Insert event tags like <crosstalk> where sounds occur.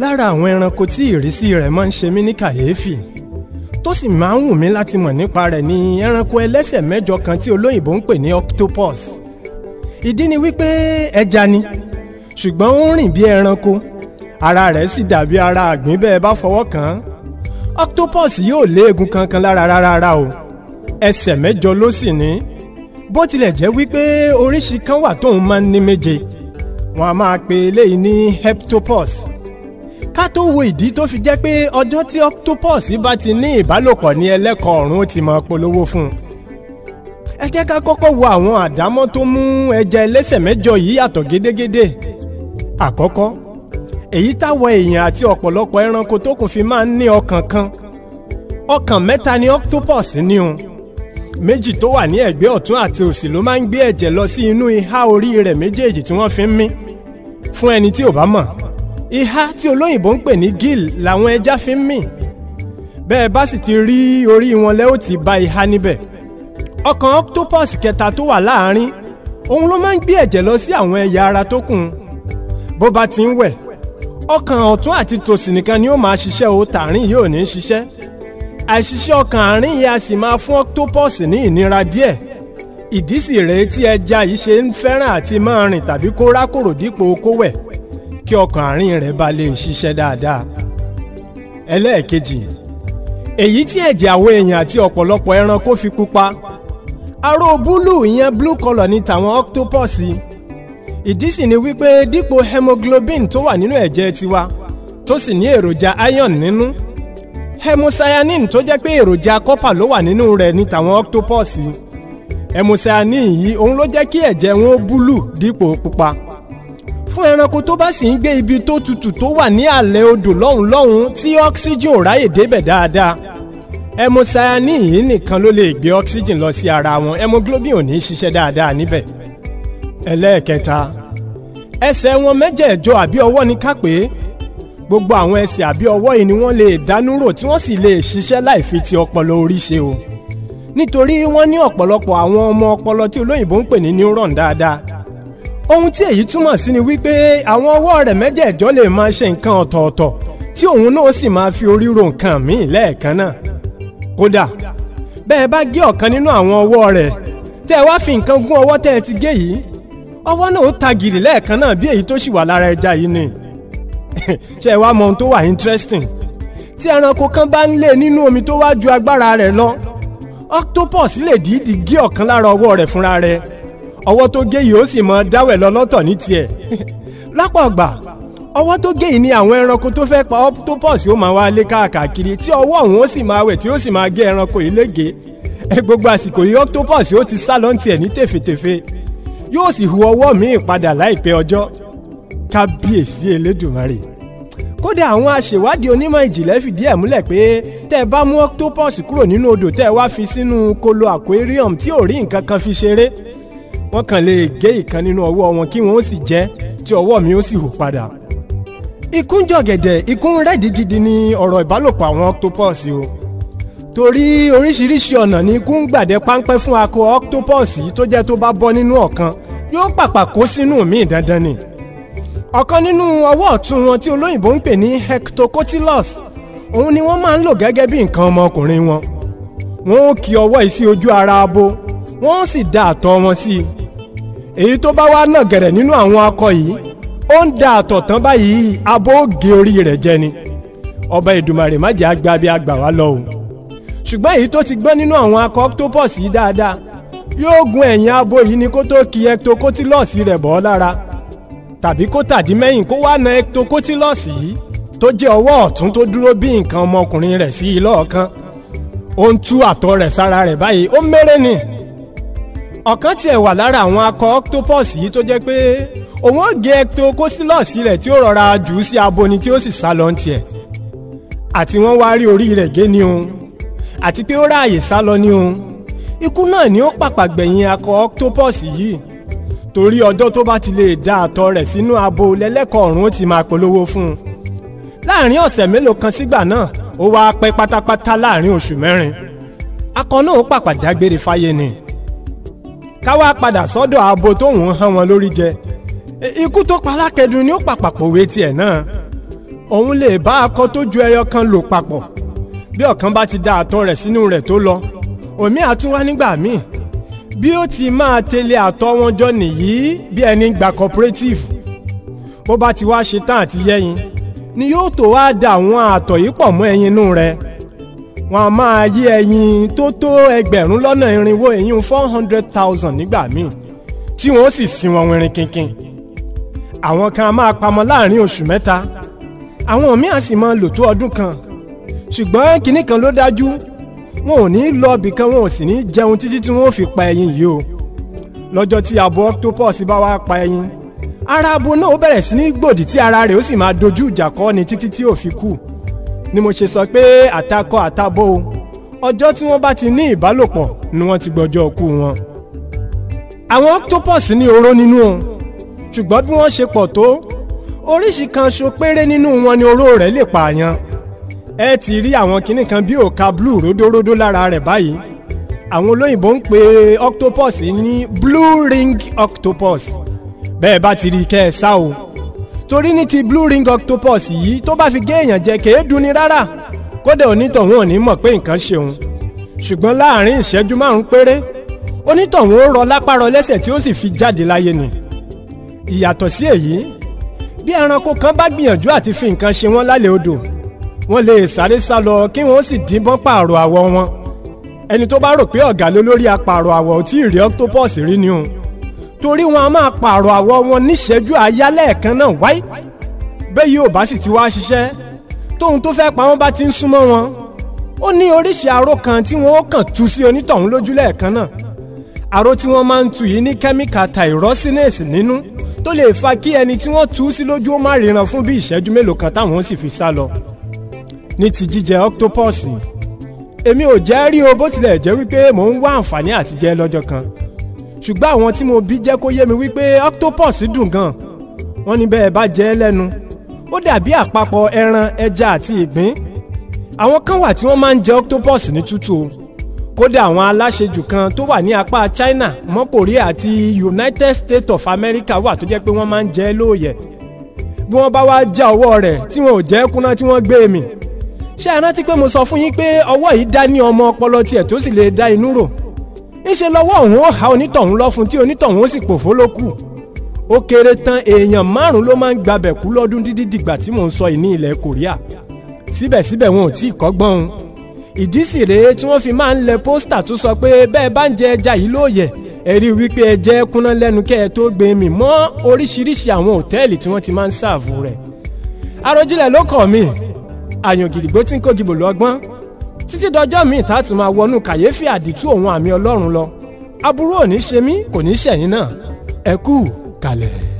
lára àwọn ẹranko tí ìrísí rẹ̀ máa ń ṣe mí ní kàyéfì tó sì máa ń wù mí láti mọ̀ nípa rẹ̀ ni ẹranko ẹlẹ́sẹ̀ mẹ́jọ kan tí olóyìnbó ń pè ní octopus ìdí ni wípé ẹja ni ṣùgbọ́n ó ń rìn bí ẹranko ara rẹ̀ sì dàbí ara àgbín bẹ́ẹ̀ bá fọwọ́ kàn án octopus yóò lé eegun kankan lára rárá o ẹsẹ̀ mẹ́jọ ló sì ní bó tilẹ̀ jẹ́ wípé oríṣi kan wà tóun máa ń ní méje wọ́n a máa pe eléyìí ní heptopus ká tó wo ìdí tó fi jẹ́ pé ọjọ́ tí octopus bá ti ní ìbálòpọ̀ ní ẹlẹ́kọ̀ọ́ ọ̀run ó ti máa polówó fún un ẹ jẹ́ ká kọ́kọ́ wo àwọn àdámọ́ tó mú ẹja ẹlẹ́sẹ̀ mẹ́jọ yìí yàtọ̀ gédégédé àkọ́kọ́ èyí táwọ èèyàn àti ọ̀pọ̀lọpọ̀ ẹranko tó kù fi máa ń ní ọkàn kan ọkàn mẹ́ta ni octopus ní un méjì tó wà ní ẹ̀gbẹ́ ọ̀tún àti òsì ló máa ń gbé ẹ̀jẹ̀ lọ sí inú ihá orí rẹ̀ méjèèjì tí wọ́n fi ń mí fún ẹni tí ò bá mọ̀ ihá tí olóyìnbó ń pè ní gill làwọn ẹja fi ń mì bẹ́ẹ̀ bá sì ti rí orí wọn lẹ́ ti bá ihá níbẹ̀ ọkàn octopus kẹta tó wà láàárín òun ló máa ń gbé ẹ̀jẹ̀ lọ sí àwọn ẹ̀yà ara tó kù bó bá ti ń wẹ̀ ọkàn ọ̀tún àti tòsì nìkan ni ó máa ṣiṣẹ́ o tààrin yìí ò ní ṣiṣẹ́ àìṣiṣẹ́ ọkàn àárín yìí a sì máa fún octopus ní ìnira díẹ̀ ìdí sì rèé tí ẹja yìí ṣe ń fẹ́ràn àti máa rìn tàbí kó rákòrò dípò kó kí ọkàn àárín rẹ̀ bá lè ṣiṣẹ́ dáadáa. ẹlẹ́ẹ̀kejì èyí tí ẹ̀jẹ̀ àwọn èèyàn àti ọ̀pọ̀lọpọ̀ ẹranko fi pupa aró búlúù ìyẹn blue color ni tàwọn octopus ìdí sì ni wípé dípò hemoglobin tó wà nínú ẹ̀jẹ̀ tiwa tó sì ní èròjà iron nínú hemocyanin tó jẹ́ pé èròjà copper ló wà nínú rẹ̀ ni tàwọn octopus hemocyanin yìí òun ló jẹ́ kí ẹ̀jẹ̀ wọn ó dípò pupa fún ẹranko tó bá sì ń gbé ibi tó tutù tó wà ní àlẹ́ odò lọ́hùn lọ́hùn tí oxygen ò ráyè débẹ̀ dáadáa hemocyanin yìí nìkan ló lè gbé oxygen lọ sí ara wọn hemoglobin ò ní í ṣiṣẹ́ dáadáa níbẹ̀ ẹlẹ́ẹ̀kẹta ẹsẹ̀ wọn mẹ́jẹ̀ẹ̀jọ àbí ọwọ́ ni ká pé gbogbo àwọn ẹsẹ̀ àbí ọwọ́ yìí ni wọ́n lè dánúrò tí wọ́n sì lè ṣiṣẹ́ láì fi ti ọpọlọ orí ṣe o nítorí wọ́n ní ọ̀pọ̀lọpọ̀ àwọn ọmọ ọpọlọ tí olóyìnbó ń pè ní neuron dáadáa ohun tí èyí túmọ̀ sí ni wípé àwọn ọwọ́ rẹ̀ mẹ́jẹ̀ẹ̀jọ lè máa ṣe nǹkan ọ̀tọ̀ọ̀tọ̀ tí òun náà sì máa fi orí ro nǹkan míì lẹ́ẹ̀kan náà kódà bẹ́ẹ̀ bá gé ọ̀kan nínú àwọn ọwọ́ rẹ̀ tẹ́ ẹ wá fi nǹkan gún ọwọ́ tẹ́ ẹ ti gé yìí ọwọ́ náà ó ta gìrì lẹ́ẹ̀kan náà bí èyí tó sì wà lára ẹja yìí ni <laughs> ṣé ẹ wá mọ ohun tó wà interesting tí ẹranko kan bá ń lé e nínú omi tó wá ju agbára rẹ̀ lọ octopus lè dìídì gé ọ̀kan lára ọwọ́ rẹ̀ fúnra rẹ̀ ọwọ́ tó gé yìí ó sì mọ dáwẹ̀ lọ lọ́tọ̀ ní tiẹ̀ <laughs> lápá ọgbà ọwọ́ tó gé yìí ni àwọn ẹranko tó fẹ́ pa octopus ó máa wá lé káàkiri tí ọwọ́ ọ̀hún ó sì máa wẹ̀ tí ó sì máa gé ẹranko yìí lége <laughs> ẹ gbogbo àsìkò yìí octopus ó ti sá lọ́ntì ẹ̀ ní tèfètèfè yóò sì hu ọwọ́ míì padà láìpẹ́ ọjọ́ kábíyèsí elédùnmarè kódà àwọn aṣèwádìí onímọ̀ ìjìnlẹ̀ fìdí ẹ̀ múlẹ̀ pé tẹ́ ẹ bá mú octopus kúrò nínú odò tẹ́ ẹ wá fi sínú kolo aquarium tí ò rí nǹkan kan fi ṣeré wọ́n kàn lè gé ìkan nínú ọwọ́ wọn kí wọ́n ó sì jẹ tí ọwọ́ mi ó sì hù padà. ikú jọ̀gẹ̀dẹ̀ ikú rẹ́ẹ̀dì gidi ni ọ̀rọ̀ ìbálòpọ̀ àwọn octopus o torí oríṣiríṣi ọ̀nà ni ikú ń gbàdẹ páńpẹ́ fún akọ octopus tó jẹ́ tó bá bọ́ nínú ọ̀kan yóò pàpà kó sínú míì dandan ni ọ̀kan nínú ọwọ́ ọ̀tún wọn tí olóyìnbó ń pè ní hectocotylus òun ni wọ́n máa ń lò gẹ́gẹ́ bí nǹkan ọmọkùnrin wọn wọ́n ó kì ọwọ́ yìí sí ojú ara abo wọ́n ó sì da àtọ̀ wọn sí i èyí tó bá wá náà gẹ̀rẹ̀ nínú àwọn akọ yìí ó ń da àtọ̀tán báyìí abó gé orí rẹ̀ jẹ ni ọba Èdùmàrè má jẹ́ àgbà bí àgbà wá lọ o ṣùgbọ́n èyí tó ti gbọ́n nínú àwọn akọ octopus yìí dáadáa yóò gun ẹ̀yìn abo yìí ni kó tó ki ectocotylus rẹ̀ bọ́ lára tàbí kó tàdí mẹ́yìn kó wá na ectocotylus yìí tó jẹ́ ọwọ́ ọ̀tún tó dúró bí nǹkan ọmọkùnrin rẹ̀ sí i ó ń tú àtọ̀ rẹ̀ sára rẹ̀ báyìí ó mẹ́rẹ̀ ni ọ̀kan tiẹ̀ wà lára àwọn akọ octopus yìí tó jẹ́ pé òun ó gé ectococylus rẹ̀ tí ó rọra jù ú sí abo ni tí ó sì sá lọ tiẹ̀ àti wọ́n wá rí orí rẹ̀ gé ni o àti pé ó ráàyè sá lọ ni o ikú náà ni ó pàpà gbẹ̀yìn akọ octopus yìí torí ọjọ́ tó bá ti lè dá àtọ̀ rẹ̀ sínú abo lẹ́lẹ́kọ̀ọ́ ọ̀run ó ti máa polówó fún un láàrin ọ̀sẹ̀ mélòó kan sígbà náà ó wáá pẹ́ pátápátá láàrin oṣù mẹ́rin akọ náà ó pàpà dágbére fáyé ni káwá padà sọ́dọ̀ abo tóun hàn wọn lórí jẹ ikú tó pa alákẹ́dùn ni ó pàpàpọ̀ wé tiẹ̀ náà òun lè bá akọ tó ju ẹyọ kan lò papọ̀ bí ọ̀kan bá ti da àtọ̀ rẹ̀ sínú rẹ̀ tó lọ òmí àtúnwá nígbà míì bí ó ti máa tẹ̀lé àtọ̀ wọn jọ nìyí bí ẹni gba cooperative bó bá ti wá ṣe tán àti yẹ́yin ni yóò tó wá da àwọn àtọ̀ yìí pọ̀ mọ́ ẹyin inú rẹ̀ wọn a máa yé ẹyin tó tó ẹgbẹ̀rún lọ́nà irinwó ẹ̀yìn four hundred thousand nígbà míì tí wọ́n sì sin wọn wẹ̀rin kínkín àwọn kan a máa pamọ́ láàrin oṣù mẹ́ta àwọn míì a sì máa lò tó ọdún kan ṣùgbọ́n kinní kan ló dájú wọn ò ní lọ ibì wọn ò sì ní jẹun títí tí wọn ò fi pa ẹyin yìí o lọ́jọ́ tí abo octopus bá wá pa ẹyin ara abo náà ó bẹ̀rẹ̀ sí ní gbòdì tí ara rẹ̀ ó sì máa dojú ìjà kọ ni títí tí ò fi kú ni mo ṣe sọ pé àtakọ àtabo ọjọ́ tí wọ́n bá ti ní ìbálòpọ̀ ni wọ́n ti gbọ́jọ́ ọkú wọn. àwọn octopus ní oró nínú o ṣùgbọ́n bí wọ́n ṣe pọ̀ tó oríṣi kan ṣo péré nínú wọn ni oró rẹ̀ lè pààyàn ẹ ti rí àwọn kinní kan bí òka blue ródóródó lára rẹ̀ báyìí àwọn olóyìnbó ń pe octopus ní blue ring octopus bẹ́ẹ̀ bá ti rí kẹ́ ẹ sá o torí ní ti blue ring octopus yìí tó bá fi gé èèyàn jẹ kèé dunni rárá kódà onítọ̀hún ò ní mọ̀ pé nǹkan ṣe òun ṣùgbọ́n láàrin ìṣẹ́jú márùn-ún péré onítọ̀hún ó rọ lápá rọ lẹ́sẹ̀ tí ó sì fi jáde láyé ni ìyàtọ̀ sí èyí bí ẹranko kan bá gbìyànjú àti fi nǹkan ṣe wọ́n lálẹ́ odò wọ́n lè sáré sá lọ kí wọ́n sì díbọ́n pààrọ̀ àwọ̀ wọn ẹni tó bá rò pé ọ̀gá lólórí apààrọ̀ àwọ̀ ò tí ì rí octopus rí ni òun torí wọn a máa pààrọ̀ àwọ̀ wọn níṣẹ́jú àáyá lẹ́ẹ̀kan náà wáyé bẹ́ẹ̀ yóò bá sì ti wá ṣiṣẹ́ tóun tó fẹ́ pa wọ́n bá ti ń súnmọ́ wọn ó ní oríṣi àrò kan tí wọ́n kàn tú sí onítọ̀hún lójú lẹ́ẹ̀kan náà àrò tí wọ́n máa ń tú yìí ní kẹ́míkà tàìrọ́sínẹ́sì nínú tó lè fa kí ẹni tí wọ́n tú sí lójú ó má ríran fún bí ìṣẹ́jú mélòó kan táwọn sì fi sá lọ ní ti jíjẹ octopus èmi ò jẹ́ rí o bó tilẹ̀ jẹ́ wípé mò ń wá àǹfààní àtijẹ́ lọ́jọ́ kan ṣùgbọ́n àwọn tí mo bí jẹ́ kó yé mi wípé octopus dùn gan wọ́n ní bẹ́ẹ̀ bá jẹ ẹ́ lẹ́nu ó dàbí àpapọ̀ ẹran ẹja àti ìgbín àwọn kan wà tí wọ́n máa ń jẹ octopus ní tútù o kódà àwọn aláṣejù kan tó wà ní apá China mọ́ Korea àti United States of America wà tó jẹ́ pé wọ́n máa ń jẹ ẹ́ lóòyẹ̀ bí wọ́n bá wá já ọwọ́ rẹ̀ tí wọn ò jẹ́ kúnná tí wọ́n gbé mi ṣé ẹ rántí pé mo sọ fún yín pé ọwọ́ yìí dá ní ọmọ ọpọlọ tiẹ̀ tó sì lè dá inú rò níṣẹ́ lọ́wọ́ òun ó ha onítọ̀hún lọ́fun tí onítọ̀hún ó sì pòfó ló kù ó kéré tán èèyàn márùn-ún ló máa ń gbabẹ̀ kú lọ́dún dídí dìgbà tí mò ń sọ yìí ní ilẹ̀ Korea síbẹ̀síbẹ̀ wọn ò tí ì kọ́gbọ́n òun ìdí sì rèé tí wọ́n fi máa ń lẹ pósítà tó sọ pé bẹ́ẹ̀ bá ń jẹ ẹja yìí lóòyẹ̀ ẹ̀rí wípé ẹ jẹ́ kúnná lẹ́nu kẹ́ ẹ tó gbé mì mọ́ oríṣiríṣi àwọn òtẹ́ẹ̀lì tí wọ́n ti máa ń ṣààfù rẹ̀ Àròjinlẹ̀ ló kọ̀ mí àyàn gidigbo tí ń kó gibò lọ́gbọ́n títí dọjọ́ míì tá a tún máa wọnú kàyéfì àdìtú òun àmì ọlọ́run lọ aburú ò ní ṣe mí kò ní ṣẹ̀yìn náà ẹ kú kalẹ̀.